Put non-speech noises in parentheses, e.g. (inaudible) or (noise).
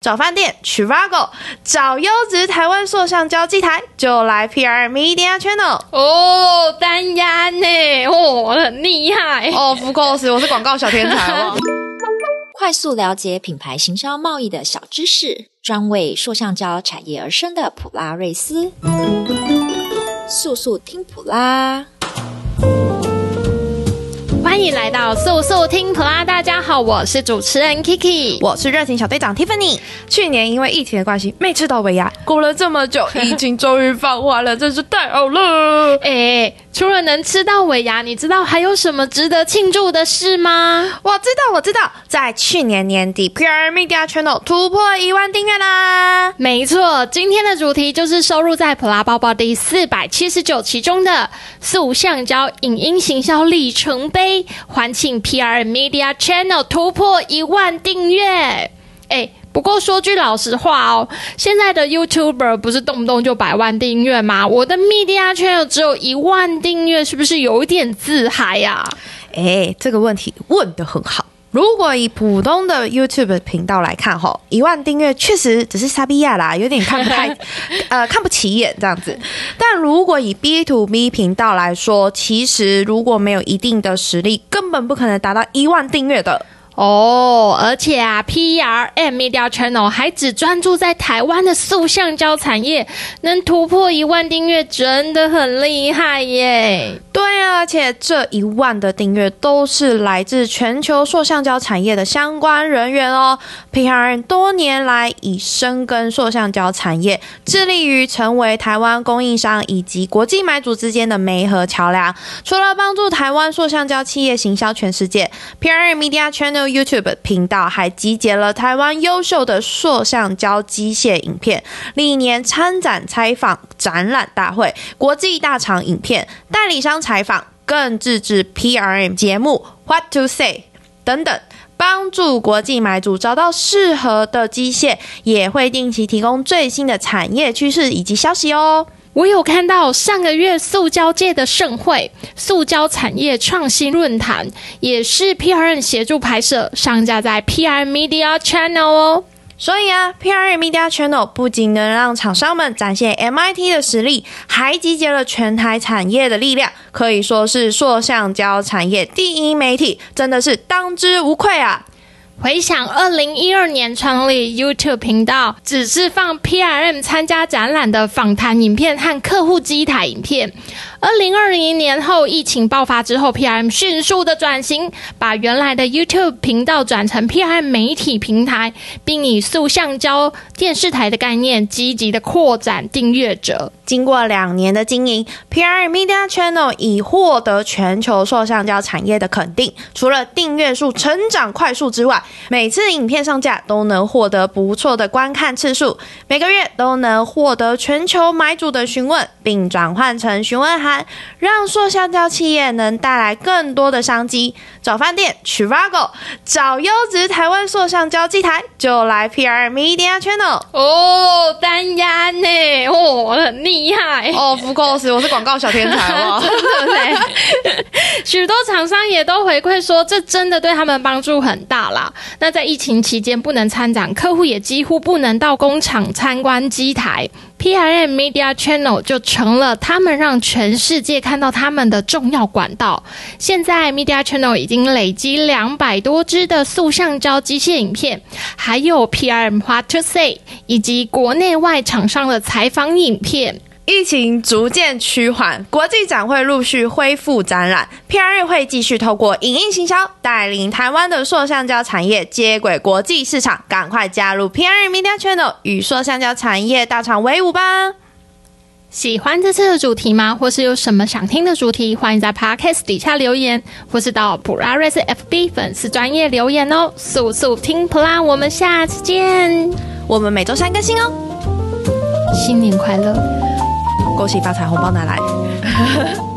找飯店，Curago；找優質台灣塑橡膠機台，就來 PR Media Channel。哦，當然呢，我、哦、很厲害。哦不 f c o r s 我是廣告小天才。 (laughs) 天才好好 (laughs) 快速了解品牌行銷、貿易的小知識，專為塑橡膠產業而生的普拉瑞斯，速速聽普拉。歡迎來到素素聽普拉，大家好，我是主持人 Kiki，我是熱情小隊長 Tiffany。去年因為疫情的關係，沒吃到尾牙，過了這麼久， (laughs) 疫情終於放寬了，真是太好了！誒，除了能吃到尾牙，你知道還有什麼值得慶祝的事嗎？我知道，我知道，在去年年底 (laughs) PRM Media Channel 突破一萬訂閱啦！沒錯，今天的主題就是收錄在普拉抱報第四百七十九期中的塑橡膠影音行銷里程碑。歡慶 PRM Media Channel 突破一萬訂閱。哎，不過說句老實話哦，現在的 YouTuber 不是動不動就百萬訂閱嗎？我的 Media Channel 只有一萬訂閱，是不是有一點自嗨呀、啊？哎，這個問題問得很好。如果以普通的 YouTube 頻道來看，哈，一萬訂閱確實只是撒比亞啦，有點看不太， (laughs) 呃，看不起眼這樣子。但如果以 B to B 頻道來說，其實如果沒有一定的實力，根本不可能達到一萬訂閱的。哦、oh，而且啊，P R M Media Channel 還只專注在台灣的塑橡膠產業，能突破一萬訂閱真的很厲害耶！對，而且這一萬的訂閱都是來自全球塑橡膠產業的相關人員哦。P R M 多年來已深耕塑橡膠產業，致力於成為台灣供應商以及國際買主之間的媒合橋樑。除了幫助台灣塑橡膠企業行銷全世界，P R M Media Channel YouTube 頻道還集結了台灣優秀的塑橡膠機械影片，歷年參展採訪展覽大會、國際大廠影片、代理商採訪，更自製 PRM 節目 “What to Say” 等等，幫助國際買主找到適合的機械，也會定期提供最新的產業趨勢以及消息哦。我有看到上個月塑膠界的盛會——塑膠產業創新論壇，也是 PRM 協助拍攝，上架在 PRM Media Channel 哦。所以啊，PRM Media Channel 不僅能讓廠商們展現 MIT 的實力，還集結了全台產業的力量，可以說是塑橡膠產業第一媒體，真的是當之無愧啊！回想二零一二年創立 YouTube 頻道，只是放 PRM 參加展覽的訪談影片和客戶機台影片。二零二零年後，疫情爆發之後，PRM 迅速的轉型，把原來的 YouTube 頻道轉成 PRM 媒體平台，並以塑橡膠電視台的概念積極的擴展訂閱者。經過兩年的經營，PRM Media Channel 已獲得全球塑橡膠產業的肯定。除了訂閱數成長快速之外，每次影片上架都能獲得不錯的觀看次數，每個月都能獲得全球買主的詢問，並轉換成詢問函，讓塑橡膠企業能帶來更多的商機。找飯店去 trivago 找優質台灣塑橡膠機台就來 PRM Media Channel。哦，當然呢，我、哦、很厲害。哦、oh, Of course，我是廣告小天才。 (laughs) (laughs) 許多廠商也都回饋說，這真的對他們幫助很大啦。那在疫情期間不能參展，客戶也幾乎不能到工廠參觀機台，PRM Media Channel 就成了他們讓全世界看到他們的重要管道。現在，Media Channel 已經累積兩百多支的塑橡膠機械影片，還有 PRM What to Say 以及國內外廠商的採訪影片。疫情逐漸趨緩，國際展會陸續恢復展覽。PRM 會繼續透過影音行銷，帶領台灣的塑橡膠產業接軌國際市場，趕快加入 PRM Media Channel，與塑橡膠產業大廠為伍吧！喜歡這次的主題嗎？或是有什麼想聽的主題？歡迎在 Podcast 底下留言，或是到 PRS FB 粉絲專頁留言哦！速速聽普拉，我們下次見！我們每周三更新哦。新年快樂！恭喜發財，紅包拿來，哈哈！